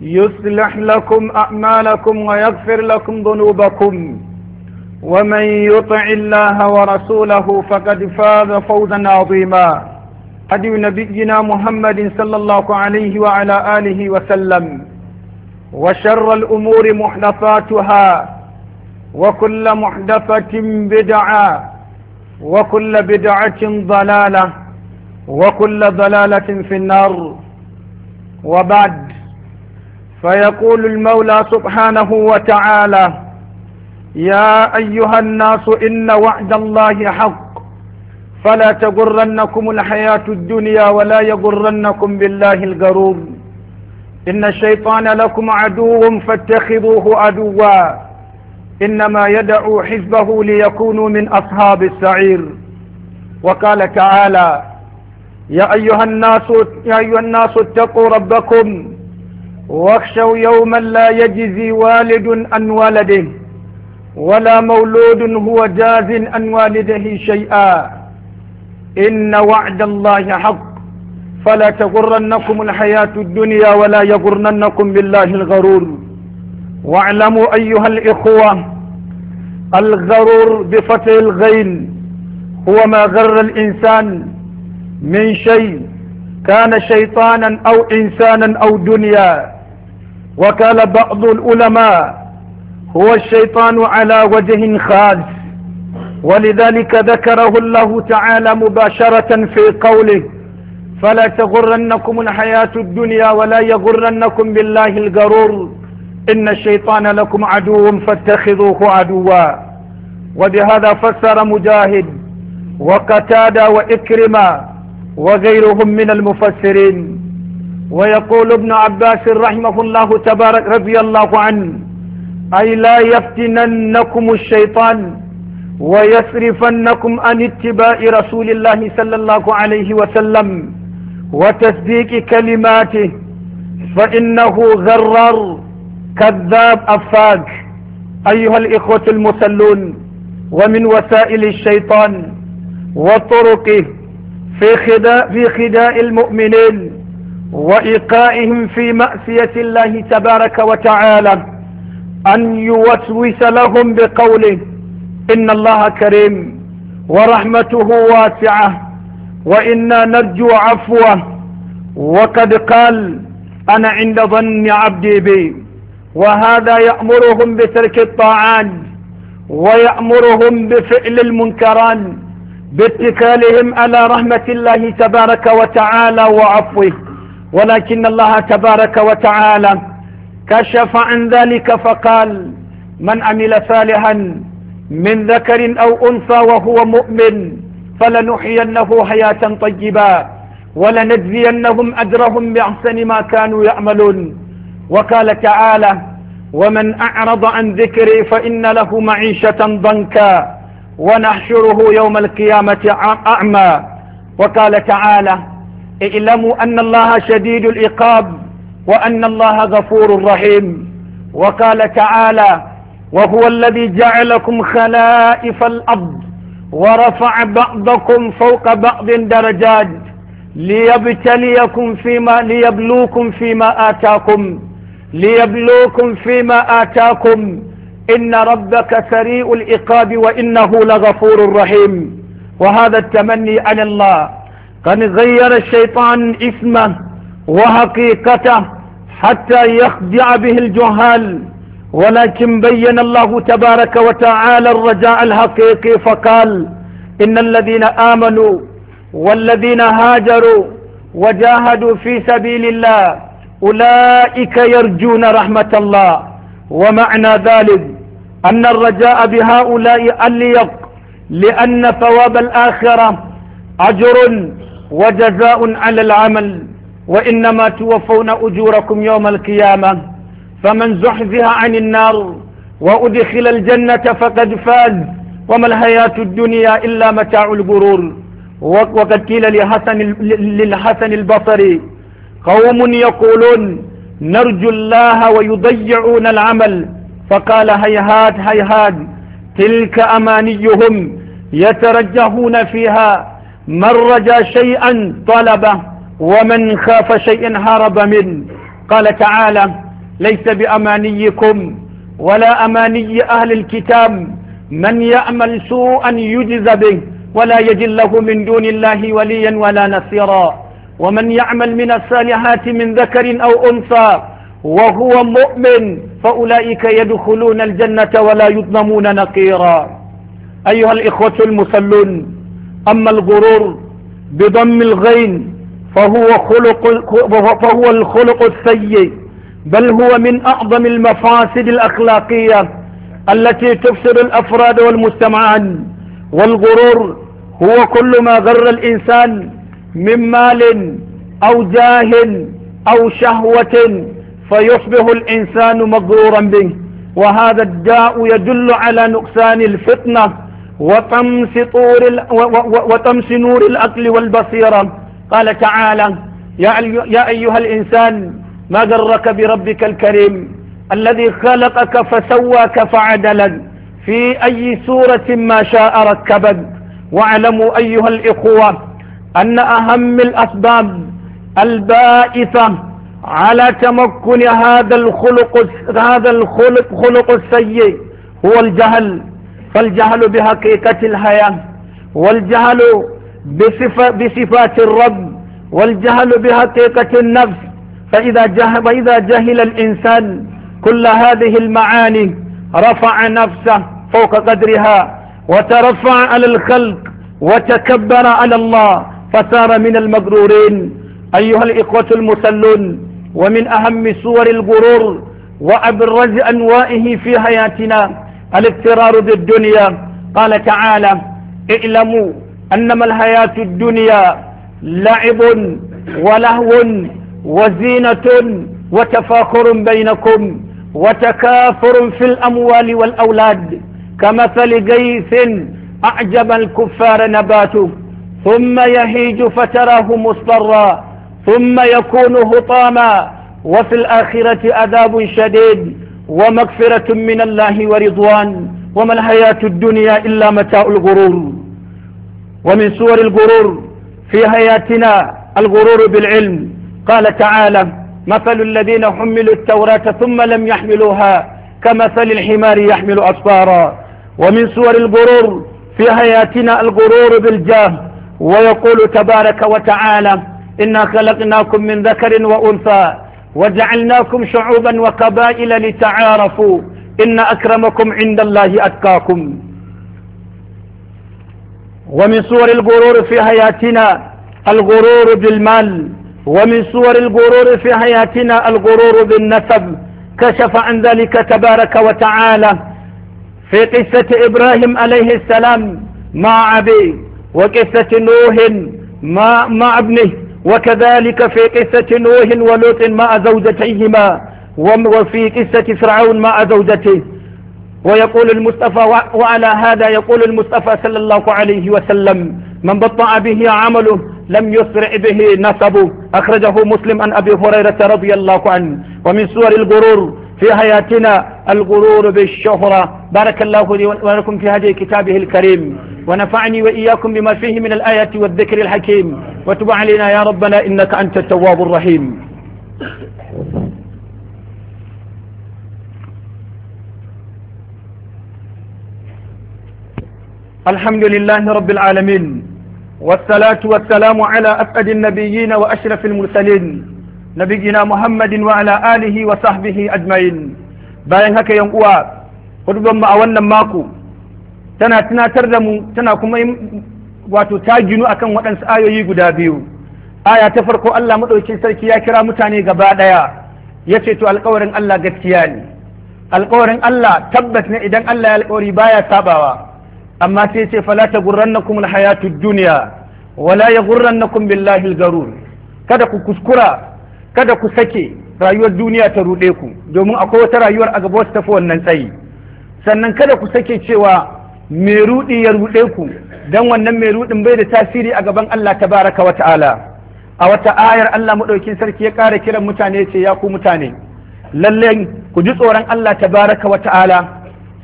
يصلح لكم أعمالكم ويغفر لكم ذنوبكم ومن يطع الله ورسوله فقد فاز فوزا عظيما حديث نبينا محمد صلى الله عليه وعلى آله وسلم وشر الأمور محدثاتها وكل محدثة بدعة وكل بدعة ضلالة وكل ضلالة في النار وبعد فيقول المولى سبحانه وتعالى يا أيها الناس إن وعد الله حق فلا تغرنكم الحياة الدنيا ولا يغرنكم بالله الغرور إن الشيطان لكم عدو فاتخذوه عدوا إنما يدعو حزبه ليكونوا من أصحاب السعير وقال تعالى يا أيها الناس يا أيها الناس اتقوا ربكم واخشوا يوما لا يجزي والد عن ولده ولا مولود هو جاز عن والده شيئا إن وعد الله حق فلا تغرنكم الحياة الدنيا ولا يغرنكم بالله الغرور واعلموا أيها الإخوة الغرور بفتح الغين هو ما غر الإنسان من شيء كان شيطانا أو إنسانا أو دنيا وقال بعض العلماء هو الشيطان على وجه خاص ولذلك ذكره الله تعالى مباشرة في قوله فلا تغرنكم الحياة الدنيا ولا يغرنكم بالله الغرور إن الشيطان لكم عدو فاتخذوه عدوا وبهذا فسر مجاهد وقتادا وإكرما وغيرهم من المفسرين ويقول ابن عباس رحمه الله تبارك رضي الله عنه أي لا يفتننكم الشيطان ويصرفنكم عن اتباع رسول الله صلى الله عليه وسلم وتصديق كلماته فإنه غرر كذاب افاق أيها الإخوة المسلون ومن وسائل الشيطان وطرقه في خداع, في خداع المؤمنين وإيقائهم في مأسية الله تبارك وتعالى أن يوسوس لهم بقوله إن الله كريم ورحمته واسعة وإنا نرجو عفوه وقد قال أنا عند ظن عبدي بي وهذا يأمرهم بترك الطاعات ويأمرهم بفعل المنكران باتكالهم على رحمة الله تبارك وتعالى وعفوه ولكن الله تبارك وتعالى كشف عن ذلك فقال من عمل صالحا من ذكر أو أنثى وهو مؤمن فلنحيينه حياة طيبة ولنجزينهم أجرهم بأحسن ما كانوا يعملون وقال تعالى ومن أعرض عن ذكري فإن له معيشة ضنكا ونحشره يوم القيامة أعمى وقال تعالى اعلموا أن الله شديد العقاب وأن الله غفور رحيم وقال تعالى وهو الذي جعلكم خلائف الأرض ورفع بعضكم فوق بعض درجات ليبتليكم فيما ليبلوكم فيما آتاكم ليبلوكم فيما آتاكم إن ربك سريء العقاب وإنه لغفور رحيم وهذا التمني على الله قد غير الشيطان اسمه وحقيقته حتى يخدع به الجهال ولكن بين الله تبارك وتعالى الرجاء الحقيقي فقال إن الذين آمنوا والذين هاجروا وجاهدوا في سبيل الله أولئك يرجون رحمة الله ومعنى ذلك أن الرجاء بهؤلاء أليق لأن ثواب الآخرة أجر وجزاء على العمل وإنما توفون أجوركم يوم القيامة فمن زحزها عن النار وأدخل الجنة فقد فاز وما الحياة الدنيا إلا متاع الغرور وقد قيل لحسن للحسن البصري قوم يقولون نرجو الله ويضيعون العمل فقال هيهات هيهات تلك أمانيهم يترجهون فيها من رجا شيئا طلبه ومن خاف شيئا هرب منه قال تعالى ليس بأمانيكم ولا أماني أهل الكتاب من يأمل سوءا يجز به ولا يجل له من دون الله وليا ولا نصيرا ومن يعمل من الصالحات من ذكر أو أنثى وهو مؤمن فأولئك يدخلون الجنة ولا يظلمون نقيرا أيها الإخوة المصلون أما الغرور بضم الغين فهو, خلق فهو الخلق السيء بل هو من أعظم المفاسد الأخلاقية التي تفسد الأفراد والمجتمعان والغرور هو كل ما غر الإنسان من مال أو جاه أو شهوة فيصبح الإنسان مغرورا به وهذا الداء يدل على نقصان الفطنة وطمس, طور وطمس نور الأكل والبصيرة قال تعالى يا أيها الإنسان ما غرك بربك الكريم الذي خلقك فسواك فعدلك في أي سورة ما شاء ركبك واعلموا أيها الإخوة أن أهم الأسباب البائسة على تمكن هذا الخلق هذا الخلق خلق السيء هو الجهل فالجهل بحقيقة الحياة والجهل بصفة بصفات الرب والجهل بحقيقة النفس فإذا جهل, فإذا جهل الإنسان كل هذه المعاني رفع نفسه فوق قدرها وترفع على الخلق وتكبر على الله فصار من المغرورين أيها الإخوة المسلون ومن أهم صور الغرور وأبرز أنوائه في حياتنا الاغترار بالدنيا قال تعالى اعلموا أنما الحياة الدنيا لعب ولهو وزينة وتفاخر بينكم وتكاثر في الأموال والأولاد كمثل غيث أعجب الكفار نباته ثم يهيج فتراه مصفرا ثم يكون هطاما وفي الآخرة عذاب شديد ومغفرة من الله ورضوان وما الحياة الدنيا إلا متاع الغرور ومن سور الغرور في حياتنا الغرور بالعلم قال تعالى مثل الذين حملوا التوراة ثم لم يحملوها كمثل الحمار يحمل أسفارا ومن سور الغرور في حياتنا الغرور بالجاه ويقول تبارك وتعالى إنا خلقناكم من ذكر وأنثى وجعلناكم شعوبا وقبائل لتعارفوا إن أكرمكم عند الله أتقاكم ومن صور الغرور في حياتنا الغرور بالمال ومن صور الغرور في حياتنا الغرور بالنسب كشف عن ذلك تبارك وتعالى في قصة إبراهيم عليه السلام مع أبيه وقصة نوح مع, مع ابنه وكذلك في قصة نوح ولوط مع زوجتيهما وفي قصة فرعون مع زوجته ويقول المصطفى وعلى هذا يقول المصطفى صلى الله عليه وسلم من بطأ به عمله لم يسرع به نسبه أخرجه مسلم عن أبي هريرة رضي الله عنه ومن سور الغرور في حياتنا الغرور بالشهرة بارك الله لي ولكم في هذه كتابه الكريم ونفعني وإياكم بما فيه من الآيات والذكر الحكيم وتب علينا يا ربنا إنك أنت التواب الرحيم الحمد لله رب العالمين والصلاة والسلام على أفقد النبيين وأشرف المرسلين نبينا محمد وعلى آله وصحبه أجمعين باينك haka قدوا uwa hudubar ماكو tana tunatar da mu tana kuma wato ta ginu akan waɗansu ayoyi guda biyu aya ta farko Allah maɗaukin sarki ya kira mutane gaba ɗaya ya ce to alƙawarin Allah gaskiya ne alƙawarin Allah tabbas ne idan Allah ya alƙawari baya sabawa amma sai ce fala ta gurrannakum alhayatud dunya wala yaghurrannakum billahi algarur kada ku kuskura kada ku sake rayuwar duniya ta ruɗe ku domin akwai wata rayuwar a gaba ta fi wannan tsayi sannan kada ku sake cewa mai ruɗi ya ruɗe ku Don wannan mai rudin bai da tasiri a gaban Allah Ta baraka wa ta'ala a wata ayar Allah maɗaukin sarki ya ƙara kiran mutane ce ya ku mutane Lallai, ku ji tsoron Allah Ta baraka wa ta'ala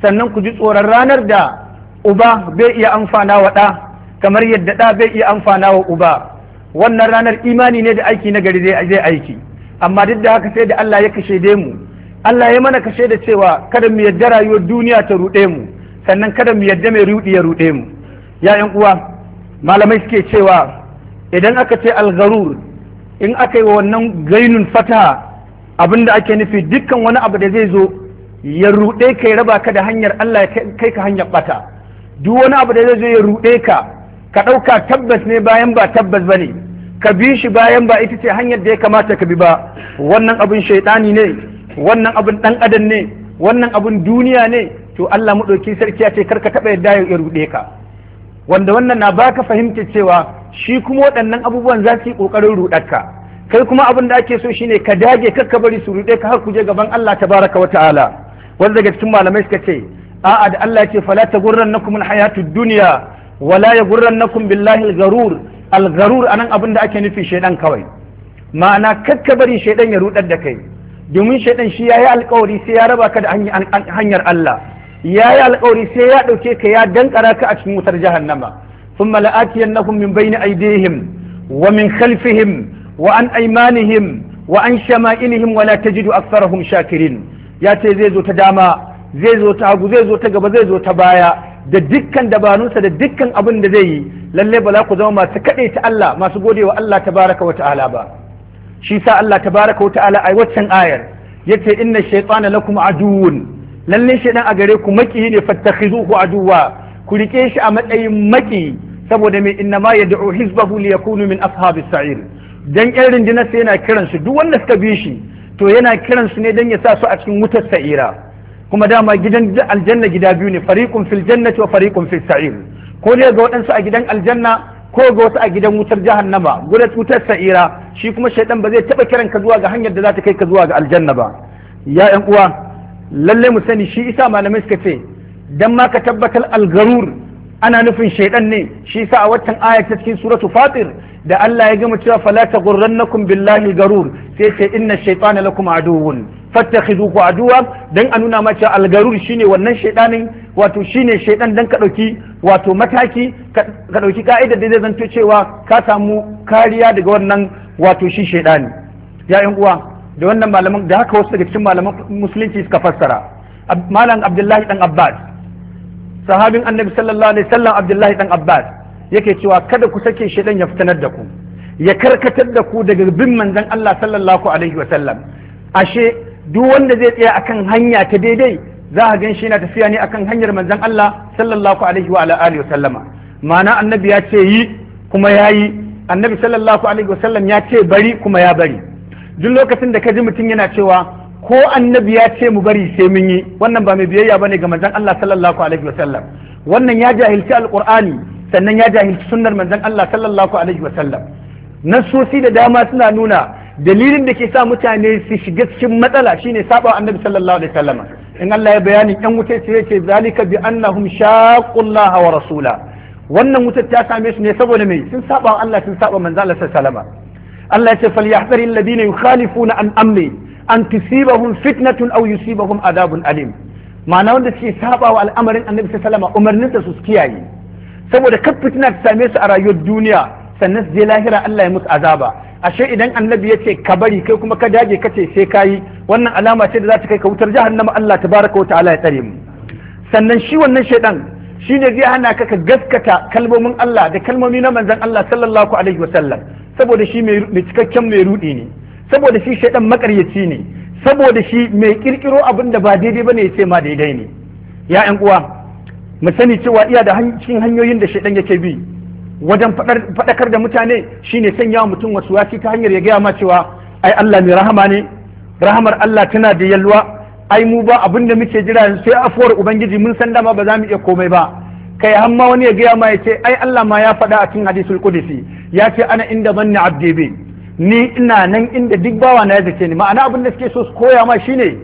sannan ku ji tsoron ranar da uba bai iya amfana wa ɗa kamar yadda ɗa bai iya amfana wa uba wannan ranar imani ne da aiki na gari zai aiki amma duk da haka sai da Allah ya kashe mu Allah ya mana kashe da cewa kada mu yadda rayuwar duniya ta ruɗe mu sannan kada mu yadda mai rudi ya ruɗe mu ya yan uwa malamai suke cewa idan aka ce algarur in aka yi wa wannan gainun fataha abinda ake nufi dukkan wani abu da zai zo ya ruɗe ka ya raba ka da hanyar Allah ya kai ka hanyar bata duk wani abu da zai zo ya ruɗe ka ka ɗauka tabbas ne bayan ba tabbas ba ne ka bi shi bayan ba ita ce hanyar da ya kamata ka bi ba wannan abin shaidani ne wannan abin ɗan adam ne wannan abun duniya ne to Allah maɗauki sarki ya ce karka taɓa yadda ya ruɗe ka wanda wannan na baka fahimta cewa shi kuma waɗannan abubuwan za su yi ƙoƙarin ruɗar ka kai kuma abin da ake so shine ka dage kar ka bari su ruɗe ka har ku je gaban Allah tabaraka wa ta'ala wanda daga cikin malamai suka ce a'a da Allah ya ce fala tagurrannakum alhayatud dunya wala yagurrannakum billahi algharur algharur anan abin da ake nufi shedan kawai ma'ana kakka bari shedan ya ruɗar da kai domin shaidan shi ya yi alkawari sai ya raba ka da hanyar Allah ya yi alkawari sai ya ɗauke ka ya dankara ka a cikin wutar jahannama sun mala'atiyan na min bayni aidihim wa min khalfihim wa an aimanihim wa an shama'ilihim wa la tajidu aktharahum shakirin ya ce zai zo ta dama zai zo ta hagu zai zo ta gaba zai zo ta baya da dukkan dabarunsa da dukkan abin da zai yi lalle ba za ku zama masu kaɗe ta Allah masu godewa Allah tabaraka wa ta'ala ba shi sa Allah tabaraka wa ta'ala a waccan ayar yace inna shaytana lakum aduwwun lalle shi a gare ku maki ne fattakhizuhu aduwa ku rike shi a matsayin maki saboda mai inna ma yad'u hizbahu liyakunu min ashabis sa'ir dan yan rundunar sai yana kiran su duk wanda suka bi shi to yana kiran su ne dan ya sa su a cikin wutar sa'ira kuma dama gidan aljanna gida biyu ne fariqun fil jannati wa fariqun fis sa'ir ko ne ga waɗansu a gidan aljanna ko ga wasu a gidan wutar jahannama gudan wutar sa'ira shi kuma shaidan ba zai taba kiran ka zuwa ga hanyar da za ta kai ka zuwa ga aljanna ba ya yan uwa lalle mu sani shi isa malamai suka ce dan ma ka tabbatar algarur ana nufin shaidan ne shi isa a watan aya ta cikin suratu fatir da Allah ya gama cewa fala na billahi garur sai ce inna shaytana lakum aduwwun fattakhizuhu aduwa dan a nuna ma cewa algarur shine wannan shaidanin wato shine shaidan dan ka dauki wato mataki ka dauki ka'ida da zai zanto cewa ka samu kariya daga wannan wato shi shaidani ya yan uwa da wannan malaman da haka wasu daga cikin malaman musulunci suka fassara malam abdullahi dan abbas sahabin annabi sallallahu alaihi wasallam abdullahi dan abbas yake cewa kada ku sake shedan ya fitanar da ku ya karkatar da ku daga bin manzon Allah sallallahu alaihi wasallam ashe duk wanda zai tsaya akan hanya ta daidai za a gan shi yana tafiya ne akan hanyar manzon Allah sallallahu alaihi wa alihi wasallama ma'ana annabi ya ce yi kuma ya yi annabi sallallahu alaihi wasallam ya ce bari kuma ya bari duk lokacin da ka ji mutum yana cewa ko annabi ya ce mu bari sai mun yi wannan ba mai biyayya bane ga manzon Allah sallallahu alaihi wasallam wannan ya jahilci alqur'ani sannan ya jahilci sunnar manzon Allah sallallahu alaihi wasallam nasosi da dama suna nuna dalilin da ke sa mutane su shiga cikin matsala shine saba annabi sallallahu alaihi wasallam in Allah ya bayani yan wuta ce yake zalika bi annahum shaqullaha wa rasula wannan wuta ta same su ne saboda mai sun saba Allah sun saba manzon Allah sallallahu alaihi wasallam Allah ya ce falyahdharil ladina yukhalifuna an amri an tusibahum fitnatun aw yusibahum adabun alim ma'ana wanda suke saba wa al'amarin annabi sallallahu alaihi umarnin sa su kiyaye saboda kar fitina ta same su a rayuwar duniya sannan su je lahira Allah ya musu azaba ashe idan annabi ya ce ka bari kai kuma ka dage ka ce sai ka yi wannan alama ce da za ta kai ka wutar jihar nama Allah tabaraka wa ala ya tsare mu sannan shi wannan shaiɗan shi ne zai hana ka ka gaskata kalmomin Allah da kalmomi na manzon Allah sallallahu alaihi wa sallam saboda shi mai cikakken mai rudi ne saboda shi shaidan makaryaci ne saboda shi mai kirkiro abin da ba daidai ba ne ya ce ma daidai ne ya yan uwa mu sani cewa iya da cikin hanyoyin da shaidan yake bi wajen faɗakar da mutane shi ne sanya wa mutum wasu wasi ta hanyar ya gaya ma cewa ai Allah mai rahama ne rahamar Allah tana da yalwa ai mu ba abin da muke jira sai afuwar ubangiji mun san dama ba za mu iya komai ba kai hamma wani ya gaya ma ya ce ai Allah ma ya faɗa a cikin hadisul kudisi ya ce ana inda manni abdi bi ni ina nan inda duk bawa na ya zace ni ma'ana abin da suke so su koya ma shine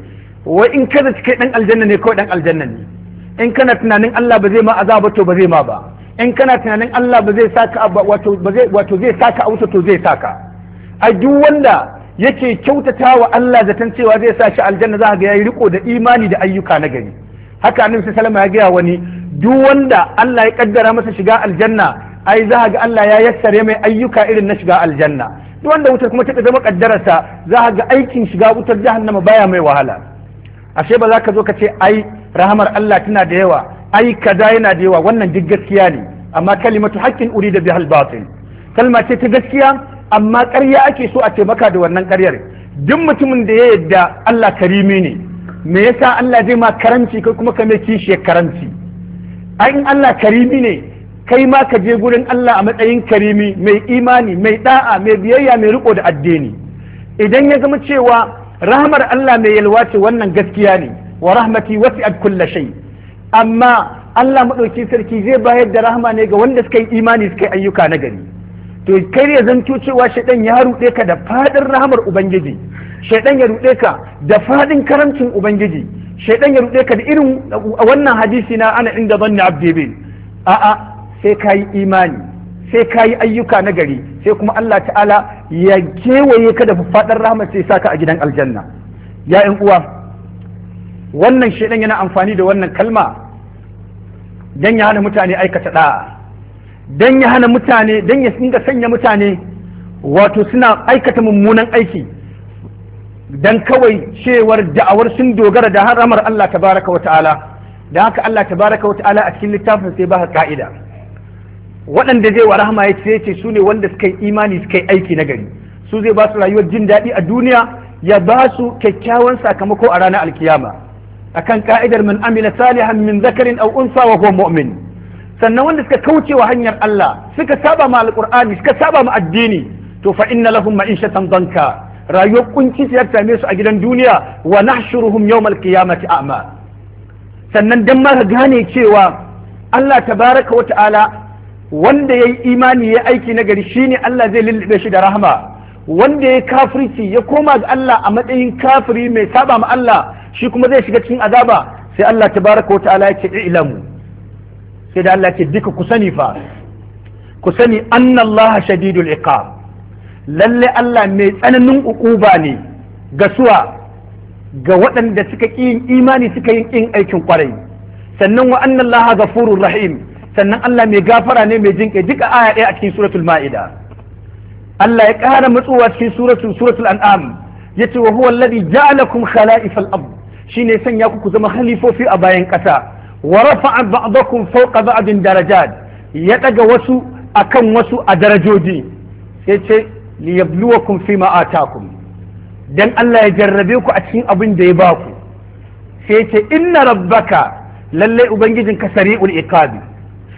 wai in ka zaci kai dan aljanna ne kawai dan aljanna ne in kana tunanin Allah ba zai ma azaba to ba zai ma ba in kana tunanin Allah ba zai saka wato ba zai wato zai saka auto to zai saka a duk wanda yake kyautata wa Allah zaton cewa zai sa shi aljanna za ga yayi riko da imani da ayyuka na gari haka annabi sallallahu alaihi wasallam ya ga wani duk wanda Allah ya kaddara masa shiga aljanna ai za ga Allah ya yassare mai ayyuka irin na shiga aljanna duk wanda wutar kuma ta zama kaddararsa za ga aikin shiga wutar jahannama baya mai wahala ashe ba za ka zo ka ce ai rahamar Allah tana da yawa ai kaza yana da yawa wannan duk gaskiya ne amma kalimatu haqqin urida bihal batil kalma ce ta gaskiya amma ƙarya ake so a ce maka da wannan ƙaryar duk mutumin da ya yadda Allah karimi ne me yasa Allah zai ma karanci kai kuma ka mai kishiyar karanci in Allah karimi ne kai ma ka je gurin Allah a matsayin karimi mai imani mai da'a mai biyayya mai riko da addini idan ya zama cewa rahmar Allah mai yalwa ce wannan gaskiya ne wa rahmati wasi'at kulla shay amma Allah madauki sarki zai bayar da rahma ne ga wanda suka yi imani suka yi ayyuka na gari to kai ya zanto cewa shaidan ya ruɗe ka da fadin rahmar ubangiji shaidan ya ruɗe ka da faɗin karamcin ubangiji shaidan ya ruɗe ka da irin wannan hadisi na ana inda zanni abdi bin a'a sai ka yi imani sai ka yi ayyuka na gari sai kuma Allah ta'ala ya kewaye ka da faɗar rahama sai sa a gidan aljanna ya uwa wannan shaidan yana amfani da wannan kalma dan ya hana mutane aikata da'a dan ya hana mutane dan ya dinga sanya mutane wato suna aikata mummunan aiki dan kawai cewar da'awar sun dogara da haramar Allah tabaraka wata'ala da haka Allah tabaraka wata'ala a cikin littafin sai ba ka'ida waɗanda zai wa rahama ya ce ce su ne wanda suka yi imani suka yi aiki na gari su zai ba su rayuwar jin daɗi a duniya ya ba su kyakkyawan sakamako a ranar alkiyama akan ka'idar min amila salihan min zakarin aw unsa wa huwa mu'min sannan wanda suka kauce wa hanyar Allah suka saba ma alqur'ani suka saba ma addini to fa inna lahum ma'ishatan danka rayuwar kunci ya same su a gidan duniya wa nahshuruhum yawmal qiyamati a'ma sannan dan ma gane cewa Allah tabaraka wa ta'ala wanda yayi imani ya aiki nagari shine Allah zai lullube shi da rahama wanda ya kafirci ya koma ga Allah a matsayin kafiri mai saba ma Allah shi kuma zai shiga cikin azaba sai Allah tabaraka wa ta'ala ya ilamu sai da Allah yake duka ku sani fa ku sani annallaha shadidul iqab lalle Allah mai tsananin ukuba ne ga suwa ga waɗanda suka yin imani suka yi ƙin aikin kwarai sannan wa annan laha gafurur rahim sannan Allah mai gafara ne mai jinƙe duka aya ɗaya a cikin suratul ma'ida Allah ya ƙara matsuwa cikin suratul suratul an'am yace wa huwa alladhi ja'alakum khala'ifal shi ne sanya ku ku zama halifofi a bayan ƙasa wa rafa'a ba'dakum fawqa ba'din darajat ya ɗaga wasu akan wasu a darajoji sai ce liyabluwakum fi ma atakum dan Allah ya jarrabe ku a cikin abin da ya baku, ku sai ce inna rabbaka lalle ubangijin ka sari'ul iqabi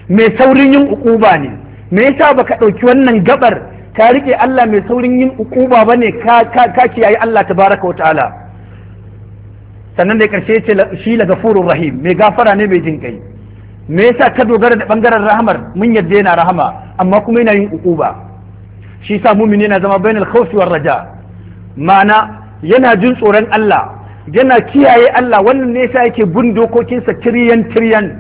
mai saurin yin ukuba ne me yasa baka dauki wannan gabar ka rike Allah mai saurin yin ukuba bane ka ka kiyaye Allah tabaraka wa ta'ala sannan da karshe ce shi la gafurur rahim mai gafara ne mai jin kai me yasa ka dogara da bangaren rahamar mun yadda yana rahama amma kuma yana yin ukuba shi sa mumini yana zama bainal khawfi war raja ma'ana yana jin tsoron Allah yana kiyaye Allah wannan ne yasa yake bin dokokinsa tiriyan tiriyan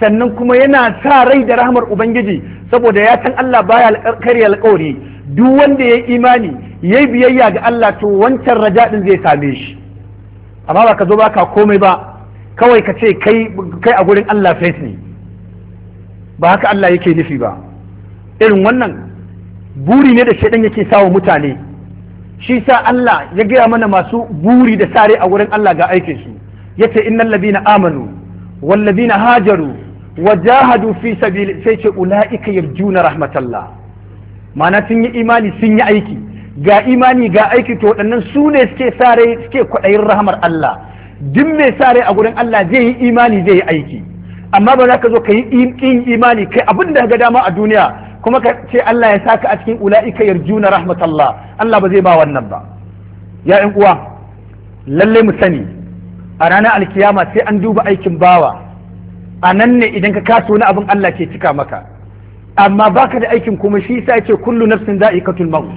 sannan kuma yana sa rai da rahmar ubangiji saboda ya san Allah baya karya alƙawari duk wanda ya imani yayi biyayya ga Allah to wancan raja din zai same shi amma ba ka zo ba ka komai ba kawai ka ce kai kai a gurin Allah face ne ba haka Allah yake nufi ba irin wannan buri ne da shaidan yake sawa mutane shi sa Allah ya gaya mana masu buri da sare a wurin Allah ga aikin su yace innal na amanu wal na hajaru wa jahadu fi sabili sai ce ulaika yarjuna rahmatallah ma'ana sun yi imani sun yi aiki ga imani ga aiki to waɗannan su ne suke sare suke kwaɗayin rahmar Allah duk mai sare a gurin Allah zai yi imani zai yi aiki amma ba za ka zo ka yi imani kai abin da ga dama a duniya kuma ka ce Allah ya saka a cikin ula'ika yarjuna rahmatallah Allah ba zai ba wannan ba ya ƴan uwa lalle mu sani a ranar alkiyama sai an duba aikin bawa a nan ne idan ka kaso wani abin Allah ke cika maka amma baka da aikin kuma shi yasa yace kullu nafsin za'iqatul maut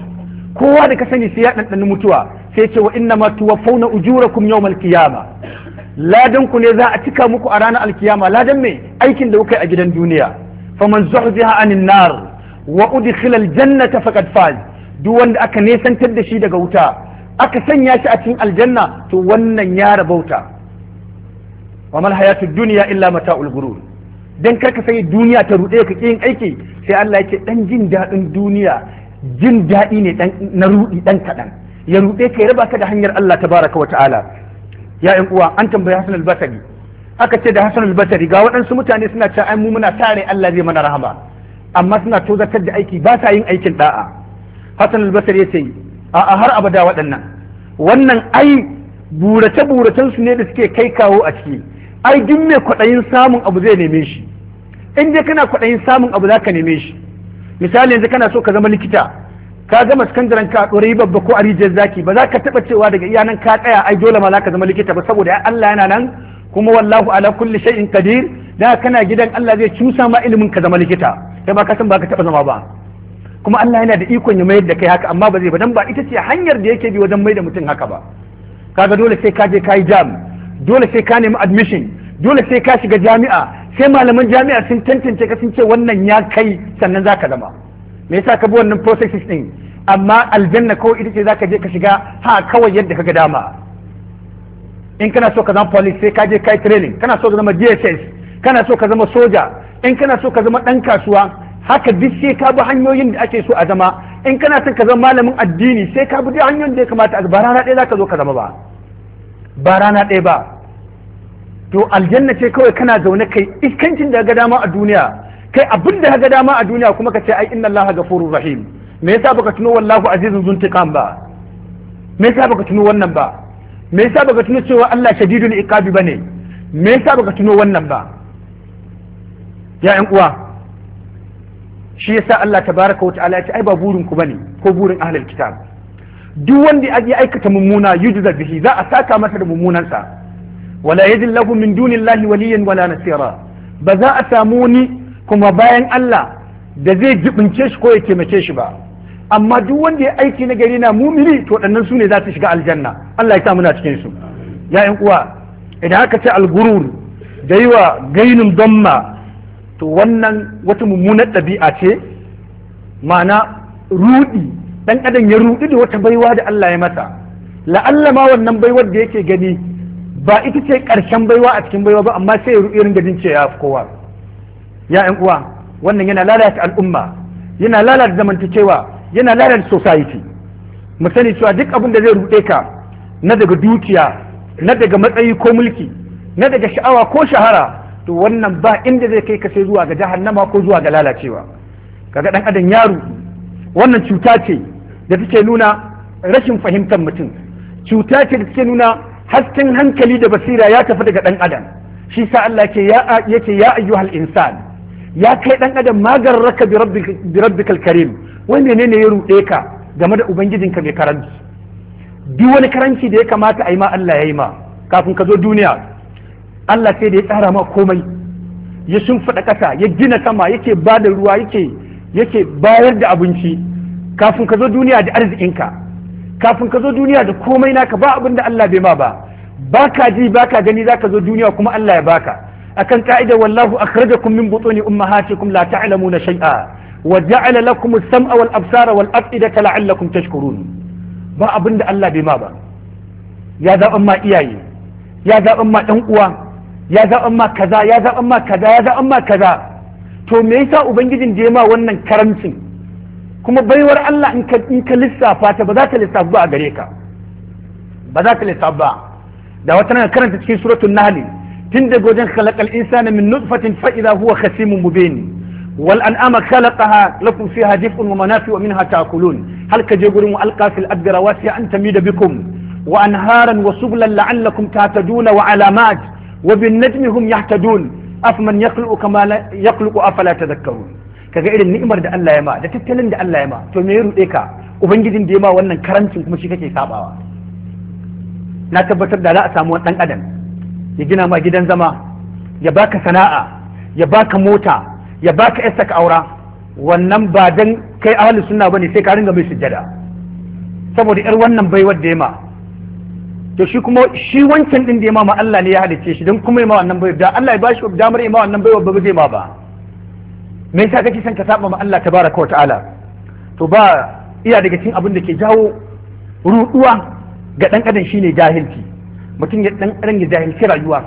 kowa da ka sani sai ya ɗanɗana mutuwa sai ce wa inna ma tuwaffawna ujurakum yawmal qiyama ladan ku ne za a cika muku a ranar alkiyama ladan me aikin da kuka a gidan duniya faman zuhziha anin nar wa janna ta faqad faz duk wanda aka nesantar da shi daga wuta aka sanya shi a cikin aljanna to wannan ya rabauta wa mal hayatu dunya illa mata'ul ghurur dan karka sai duniya ta rude ka yin aiki sai Allah yake dan jin dadin duniya jin dadi ne dan na rudi dan kadan ya rude ka ya raba ka da hanyar Allah tabaraka wa ta'ala ya yan uwa an tambaya Hassan al-Basri aka ce da Hassan al-Basri ga waɗansu mutane suna cewa ai mu muna tare Allah zai mana rahama amma suna tozatar da aiki ba sa yin aikin da'a Hassan al ya ce a har abada waɗannan wannan ai burace buracen su ne da suke kai kawo a ciki ai duk mai kwaɗayin samun abu zai neme shi in dai kana kwaɗayin samun abu zaka neme shi misali yanzu kana so ka zama likita ka gama sakandaren ka ɗorayi babba ko a rijiyar zaki ba za ka taɓa cewa daga iyanan ka tsaya ai dole ma za ka zama likita ba saboda Allah yana nan kuma wallahu ala kulli shay'in qadir da kana gidan Allah zai cusa ma ilimin ka zama likita kai ma ka san ba ka taba zama ba kuma Allah yana da ikon ya mayar da kai haka amma ba zai ba dan ba ita ce hanyar da yake bi wajen mai da mutum haka ba kaga dole sai ka je ka jam dole sai ka nemi admission dole sai ka shiga jami'a sai malaman jami'a sun tantance ka sun ce wannan ya kai sannan zaka zama me yasa ka bi wannan processes din amma aljanna ko ita ce zaka je ka shiga ha kawai yadda kaga dama in kana so ka zama police sai ka je kai training kana so ka zama DSS kana so ka zama soja in kana so ka zama ɗan kasuwa haka duk sai ka bi hanyoyin da ake so a zama in kana son ka zama malamin addini sai ka bi duk hanyoyin da ya kamata a ba rana ɗaya za ka zo ka zama ba ba rana ɗaya ba to aljanna ce kawai kana zaune kai iskancin da ga dama a duniya kai abin da ga dama a duniya kuma ka ce ai inna allaha ghafurur rahim me yasa baka tuno wallahu azizun zuntiqam ba me yasa baka tuno wannan ba me yasa baka tuno cewa Allah shadidul iqabi bane me yasa baka tuno wannan ba ya uwa shi yasa Allah ta baraka wata ala ce ai ba burin ku bane ko burin ahlul kitab duk wanda ya aikata mummuna yujza bihi za a saka masa da mummunan sa wala yajid lahu min dunillahi waliyan wala nasira ba za a samu ni kuma bayan Allah da zai jibince shi ko ya taimake shi ba amma duk wanda ya aiki na gari na mumini to waɗannan su ne za su shiga aljanna Allah ya sa muna cikin su ya ƴan uwa idan aka ce algurur da yi wa gainin damma to wannan wata mummunar ɗabi'a ce ma'ana rudi ɗan adam ya rudi da wata baiwa da Allah ya mata la'alla ma wannan baiwar da yake gani ba ita ce ƙarshen baiwa a cikin baiwa ba amma sai ya irin da ce ya kowa ya yan uwa wannan yana lalata al'umma yana lalata zamantakewa yana lalata society mu sani cewa duk abin da zai rude ka na daga dukiya na daga matsayi ko mulki na daga sha'awa ko shahara to wannan ba inda zai kai ka sai zuwa ga jahannama ko zuwa ga lalacewa kaga dan adam yaro wannan cuta ce da take nuna rashin fahimtar mutum cuta ce da take nuna hasken hankali da basira ya tafi daga dan adam shi sa Allah ke ya yake ya ayyuhal insan ya kai dan adam magarraka bi rabbika bi rabbikal karim wai menene ya rude ka game da ubangijinka mai karanci duk wani karanci da ya kamata a yi ma Allah ya yi ma kafin ka zo duniya Allah sai da ya tsara ma komai ya shimfiɗa ƙasa ya gina sama yake ba da ruwa yake yake bayar da abinci kafin ka zo duniya da arzikinka kafin ka zo duniya da komai naka ba abin da Allah bai ma ba baka ji baka gani zaka zo duniya kuma Allah ya baka akan ka'ida wallahu akhrajakum min butuni ummahatikum la ta'lamuna shay'a wa ja'ala lakum as-sam'a wal absara wal af'idata la'allakum tashkurun ba abin da Allah bai ma ba ya zaban ma iyaye ya zaban ma dan uwa ya zaɓan ma kaza ya zaɓan ma kaza ya zaɓan ma kaza to me yasa ubangijin da ma wannan karamcin kuma baiwar Allah in ka lissafa ta ba za ta lissafa ba a gare ka ba za ta lissafa ba da wata nan karanta cikin suratul nahl tun daga wajen khalaqal insana min nutfatin fa idha huwa khasimun mubin wal an'ama khalaqaha lakum fiha dif'un wa manafi'u minha ta'kulun hal kaje gurin alqa fil adra wasi'an tamida bikum wa anharan wa sublan la'allakum tahtaduna wa alamat wa bin najmi hum yahtadun afman yakhluqu kama yakhluqu afala tadhakkarun kaga irin ni'imar da Allah ya ma da tattalin da Allah ya ma to me ya rude ka ubangijin da ya ma wannan karancin kuma shi kake sabawa na tabbatar da za a samu dan adam ya gina ma gidan zama ya baka sana'a ya baka mota ya baka yasta ka aura wannan ba dan kai ahli sunna bane sai ka ringa mai sujjada saboda yar wannan baiwar da ya ma to shi kuma shi wancan ɗin da ya ma Allah ne ya halice shi don kuma ya wannan bai da Allah ya bashi damar ya ma wannan bai ba zai ma ba me yasa kake son ka saba ma Allah tabaraka wa to ba iya daga cikin abin da ke jawo ruduwa ga dan adam shine jahilci mutum ya dan adam ya jahilci rayuwa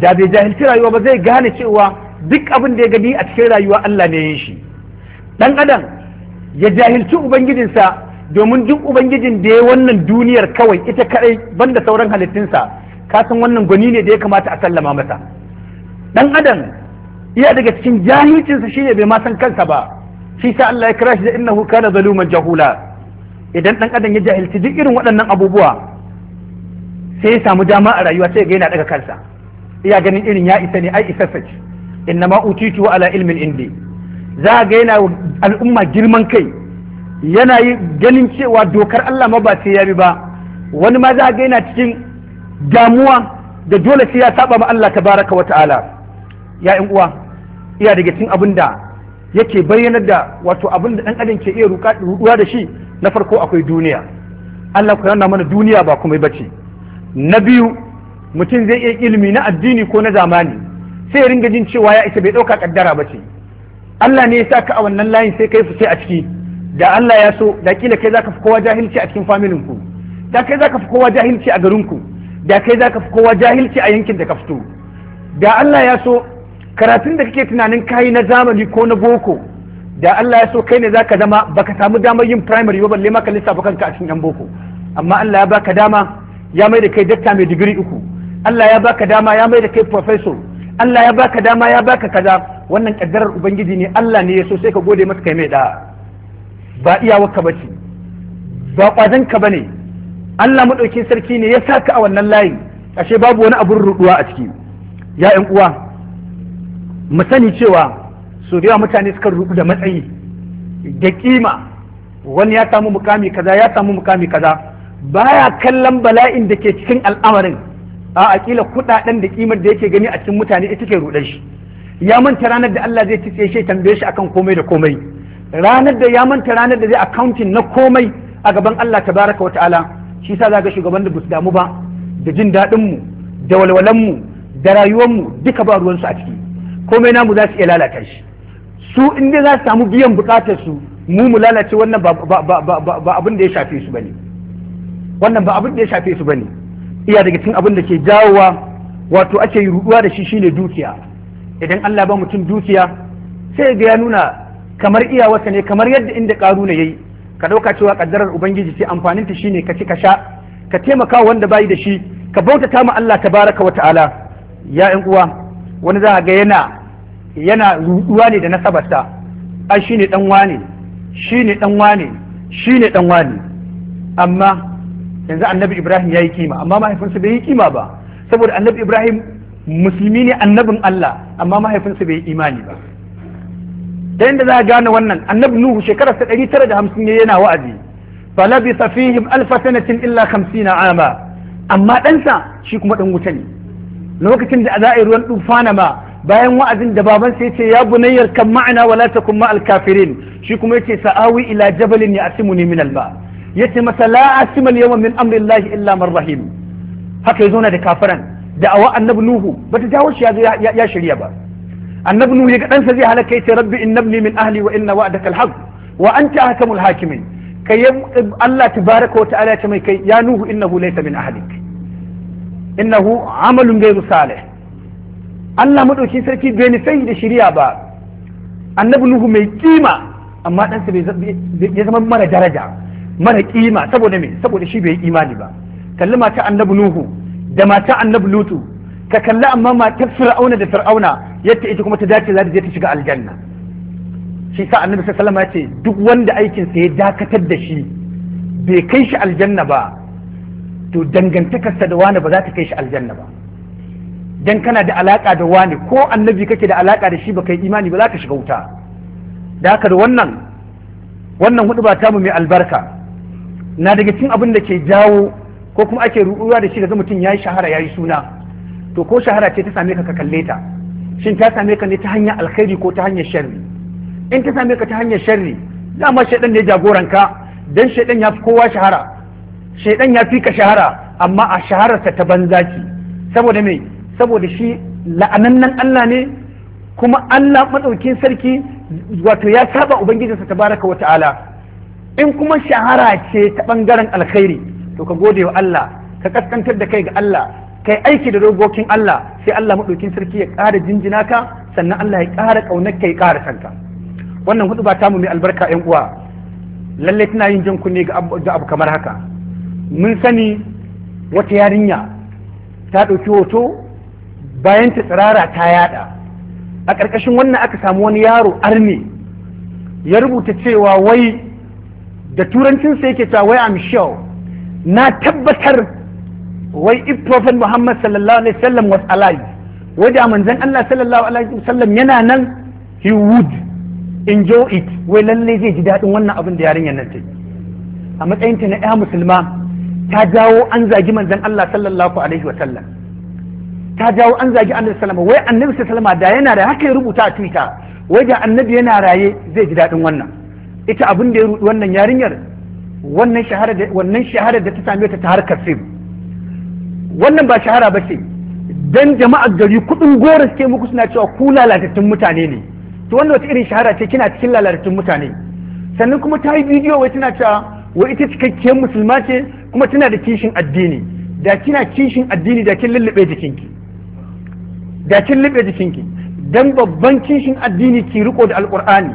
da bai jahilci rayuwa ba zai gane cewa duk abin da ya gani a cikin rayuwa Allah ne ya yi shi dan adam ya jahilci ubangijinsa domin duk ubangijin da ya wannan duniyar kawai ita kadai banda sauran halittunsa ka san wannan gwani ne da ya kamata a sallama masa dan adam iya daga cikin jahilcinsa shine bai ma san kansa ba shi sa Allah ya kira shi da innahu kana zaluman jahula idan dan adam ya jahilci duk irin waɗannan abubuwa sai ya samu dama a rayuwa sai ga yana daga kansa iya ganin irin ya isa ne ai isa sace innama utitu ala ilmin indi za ga yana al'umma girman kai yana yi ganin cewa dokar Allah ma ba sai ya bi ba wani ma za ga yana cikin damuwa da dole sai ya saba ma Allah tabaraka wa ta'ala ya yan uwa iya daga cikin abin da yake bayyanar da wato abin da dan adam ke iya ruka ruwa da shi na farko akwai duniya Allah ku yana mana duniya ba kuma bace na biyu mutum zai iya ilimi na addini ko na zamani sai ya ringa jin cewa ya isa bai ɗauka kaddara ba bace Allah ne ya saka a wannan layin sai kai fice a ciki da Allah ya so da kila kai zaka fi kowa jahilci a cikin familin ku da kai zaka fi kowa jahilci a garin ku da kai zaka fi kowa jahilci a yankin da ka fito da Allah ya so karatun da kake tunanin kai na zamani ko na boko da Allah ya so kai ne zaka zama baka samu damar yin primary ba balle maka lissafa kanka a cikin yan boko amma Allah ya baka dama ya mai da kai dakta mai digiri uku Allah ya baka dama ya mai da kai professor Allah ya baka dama ya baka kaza wannan kaddarar ubangiji ne Allah ne ya so sai ka gode masa kai mai da'a ba iyawarka ba ce ba ƙwazonka ba ne Allah maɗaukin sarki ne ya sa ka a wannan layin ashe babu wani abin ruɗuwa a ciki ya ƴan uwa mu sani cewa su da yawa mutane suka ruɗu da matsayi da kima wani ya samu mukami kaza ya samu mukami kaza baya kallon bala'in da ke cikin al'amarin a aƙila kuɗaɗen da ƙimar da yake gani a cikin mutane ita ke ruɗe shi ya manta ranar da Allah zai ci shi tambaye shi akan komai da komai ranar da ya manta ranar da zai accounting na komai a gaban Allah tabaraka wata'ala shi sa zaga shugaban da bus damu ba da jin daɗin mu da walwalan mu da rayuwar mu duka ba ruwansu a ciki komai namu za su iya lalata shi su in dai za su samu biyan bukatar su mu mu lalace wannan ba abin da ya shafe su bane wannan ba abin da ya shafe su bane iya daga cikin abin da ke jawowa wato ake yi ruduwa da shi ne dukiya idan Allah ba mutum dukiya sai ga ya nuna kamar iyawarsa ne kamar yadda inda karuna yayi ka dauka cewa kaddarar ubangiji sai amfanin ta shine ka ci ka sha ka taimaka wanda bayi da shi ka bautata ma Allah tabaraka wata'ala ya ƴan uwa wani za ga yana yana ruduwa ne da nasabarsa ai shine dan wane shine dan wane shine dan wane amma yanzu annabi Ibrahim yayi kima amma mahaifinsa bai yi kima ba saboda annabi Ibrahim musulmi ne annabin Allah amma mahaifinsa bai yi imani ba da yadda za a gane wannan annabi nuhu shekararsa ta ɗari tara da hamsin ne yana wa'azi falabi fihim alfa sanatin illa hamsina ama amma ɗansa shi kuma ɗan wuta ne lokacin da za a yi ruwan tufana ma bayan wa'azin da baban sai ce ya bunayyar kan ma'ana wala ta kuma kafirin shi kuma yace sa'awi ila jabalin ya asimuni min alba yace masa la asima al min amrillahi illa man rahim haka yazo na da kafiran da awa annabi nuhu bata jawo shi ya shirya ba annabi nuhu ya ga ɗansa zai halaka yace rabbi innabni min ahli wa inna wa'daka alhaq wa anta ahkamul hakimin kai Allah tabaraka wa ta'ala ya mai kai ya nuhu innahu laysa min ahlik innahu amalun ghayru salih Allah madauki sarki bai ni sai da shiriya ba annabi nuhu mai kima amma ɗansa ya zama mara daraja mara kima saboda me saboda shi bai imani ba kalli mata annabi nuhu da mata annabi lutu ka kalli amma matar fir'auna da fir'auna yadda ita kuma ta dace za ta je ta shiga aljanna shi sa annabi sallallahu alaihi wasallam ya ce duk wanda aikinsa ya dakatar da shi bai kai shi aljanna ba to dangantakarsa da wani ba za ta kai shi aljanna ba dan kana da alaka da wani ko annabi kake da alaka da shi ba kai imani ba za ka shiga wuta da haka da wannan wannan hudu ba mu mai albarka na daga cikin abin da ke jawo ko kuma ake ruɗuwa da shi ga mutum ya yi shahara ya yi suna to ko shahara ce ta same ka ka kalle ta shin ta same ka ne ta hanyar alkhairi ko ta hanyar sharri in ta same ka ta hanyar sharri dama shaidan ne jagoranka dan shaidan ya fi kowa shahara shaidan ya fi ka shahara amma a shahararsa ta banza ki. saboda me saboda shi la'anannan Allah ne kuma Allah madaukin sarki wato ya saba ubangijinsa tabaraka wa ta'ala in kuma shahara ce ta bangaren alkhairi to ka gode wa Allah ka kaskantar da kai ga Allah kai aiki da dogokin Allah sai Allah maɗokin sarki ya ƙara jinjina ka sannan Allah ya ƙara ƙaunar ka ya ƙara sanka wannan hudu ba tamu mai albarka ƴan uwa Lallai tana yin jan kunne ga abu kamar haka mun sani wata yarinya ta ɗauki hoto bayan ta tsirara ta yada a ƙarƙashin wannan aka samu wani yaro arne ya rubuta cewa wai da turancinsa yake ta, wai am sure na tabbatar wai if prophet muhammad sallallahu alaihi wasallam was alive wai da manzon Allah sallallahu alaihi wasallam yana nan he would enjoy it wai lalle zai ji dadin wannan abin da yarinyar nan take a matsayin ta na ƴa musulma ta jawo an zagi manzon Allah sallallahu alaihi wasallam ta jawo an zagi annabi sallallahu wai annabi sallallahu da yana da haka ya rubuta a twitter wai da annabi yana raye zai ji dadin wannan ita abin da ya rudi wannan yarinyar wannan shahara da ta same ta ta harkar fim wannan ba shahara ba ce dan jama'ar gari kudin goro suke muku suna cewa ku lalatattun mutane ne to wannan wata irin shahara ce kina cikin lalatattun mutane sannan kuma ta yi bidiyo wai tana cewa wai ita cikakkiyar musulma ce kuma tana da kishin addini da kina kishin addini da kin lullube jikinki da kin lullube jikinki dan babban kishin addini ki riko da alqur'ani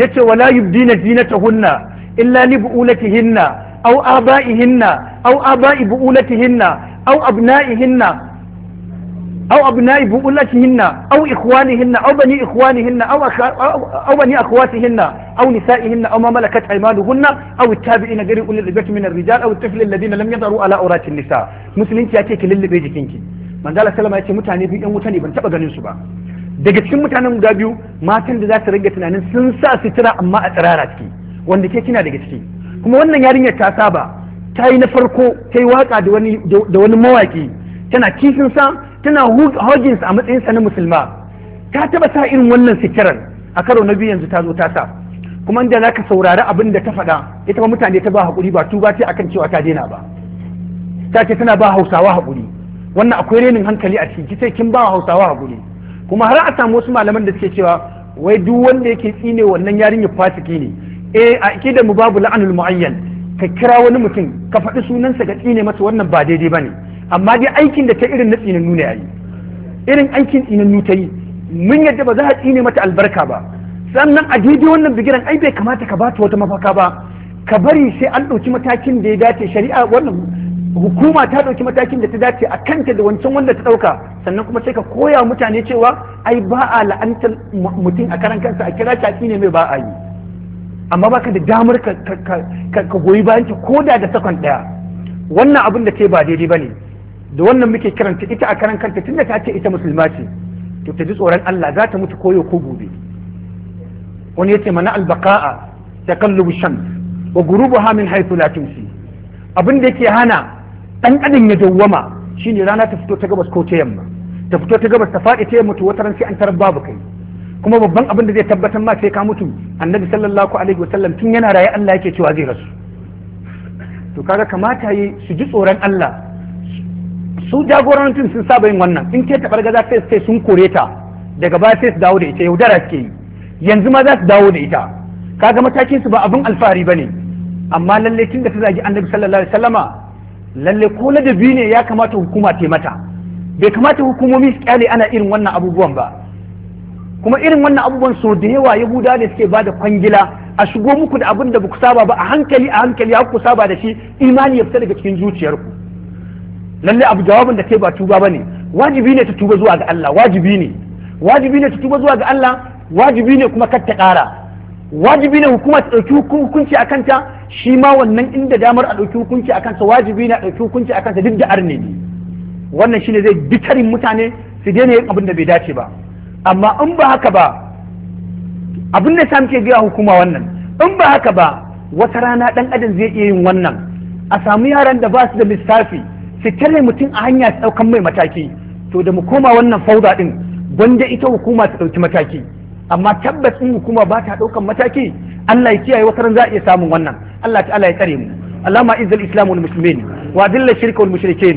yace wala yubdina zinatahunna illa li bu'ulatihinna au aba'ihinna au aba'i bu'ulatihinna au abna'ihinna أو أبناء بؤلتهن أو إخوانهن أو بني إخوانهن أو, أخ... أو... أو بني أخواتهن أو نسائهن أو ما ملكت أيمانهن أو التابعين غير أولي الربة من الرجال أو الطفل الذين لم يظهروا على أورات النساء مسلمين تياتيك للبي جكينكي من ذلك سلama yace mutane biyu ɗan wuta ne ban taɓa ganin su ba daga cikin mutanen guda biyu matan da za su rage tunanin sun sa sutura amma a tsirara ciki wanda ke kina daga ciki kuma wannan yarinyar ta saba ta yi na farko ta yi waka da wani mawaƙi, mawaki tana kifinsa, tana hujin a matsayinsa na musulma ta taba sa irin wannan sitirar a karo na biyu yanzu ta zo ta sa kuma inda za ka saurari abin da ta faɗa ita ba mutane ta ba hakuri ba tuba ce akan cewa ta daina ba ta ce tana ba Hausawa hakuri wannan akwai renin hankali a ciki sai kin ba Hausawa hakuri kuma har a samu wasu malaman da suke cewa wai duk wanda yake tsine wannan yarinyar fasiki ne eh a akidar mu babu la'anul muayyan ka kira wani mutum ka faɗi sunansa ga tsine masa wannan ba daidai bane amma dai aikin da ta irin na tsinannu ne yayi irin aikin tsinannu ta yi mun yadda ba za a tsine mata albarka ba sannan a daidai wannan bigiran ai bai kamata ka ba bata wata mafaka ba ka bari sai an ɗauki matakin da ya dace shari'a wannan hukuma ta ɗauki matakin da ta dace a kanta da wancan wanda ta ɗauka sannan kuma sai ka koya mutane cewa ai ba a la'antar mutum a karan kansa a kira a tsine mai ba a yi amma baka da damar ka goyi bayan ki ko da da sakan daya wannan abin da ce ba daidai bane da wannan muke kiranta ita a karan kanta tunda ta ce ita musulma ce to ta ji tsoron Allah za ta mutu koyo ko gobe wani yace mana albaqa'a taqallubu shams wa ghurubuha min haythu la tumsi abin da yake hana dan adam ya dawwama shine rana ta fito ta gabas ko ta yamma ta fito ta gabas ta faɗi ta yamma to wataran sai an tarar babu kai kuma babban abin da zai tabbatar ma sai ka mutu annabi sallallahu alaihi wasallam tun yana raye Allah yake cewa zai rasu to kaga kamata yi su ji tsoron Allah su jagorantin sun saba yin wannan in ke tabar gaza sai sai sun kore ta daga baya sai su dawo da ita yaudara suke yi yanzu ma za su dawo da ita kaga matakin su ba abin alfahari bane amma lalle tun da ta zagi annabi sallallahu alaihi wasallama lalle ko ladabi ne ya kamata hukuma ta mata bai kamata hukumomi su kyale ana irin wannan abubuwan ba kuma irin wannan abubuwan so da yawa yahuda da suke ba da kwangila a shigo muku da abin da ba saba ba a hankali a hankali ya ku saba da shi imani ya fita daga cikin zuciyarku lalle abu jawabin da kai ba tuba bane wajibi ne ta tuba zuwa ga Allah wajibi ne wajibi ne ta tuba zuwa ga Allah wajibi ne kuma kar ta ƙara wajibi ne hukuma ta dauki hukunci a kanta shi ma wannan inda damar a ɗauki hukunci a kansa wajibi ne a ɗauki hukunci a kansa duk da arne ne wannan shine zai bitarin mutane su daina yin abin da bai dace ba amma in ba haka ba abin da sa muke biya hukuma wannan in ba haka ba wata rana dan adam zai iya yin wannan a samu yaran da ba su da lissafi su tare mutum a hanya su daukan mai mataki to da mu koma wannan fauda din gwanda ita hukuma ta dauki mataki amma tabbas in hukuma ba ta daukan mataki Allah ya kiyaye wata ran za a iya samun wannan Allah ta'ala ya tsare mu اللهم اعز الاسلام والمسلمين واذل الشرك والمشركين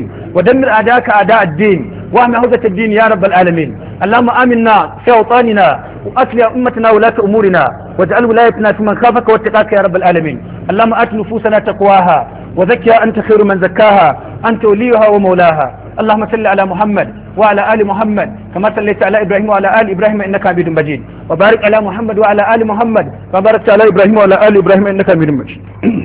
adaka a اعداء din وأهم عهدة الدين يا رب العالمين اللهم آمنا في أوطاننا وأصلح أمتنا ولاة أمورنا واجعل ولايتنا في من خافك واتقاك يا رب العالمين اللهم آت نفوسنا تقواها وزكها أنت خير من زكاها أنت وليها ومولاها اللهم صل على محمد وعلى آل محمد كما صليت على إبراهيم وعلى آل إبراهيم إنك حميد مجيد وبارك على محمد وعلى آل محمد كما باركت على إبراهيم وعلى آل إبراهيم إنك حميد مجيد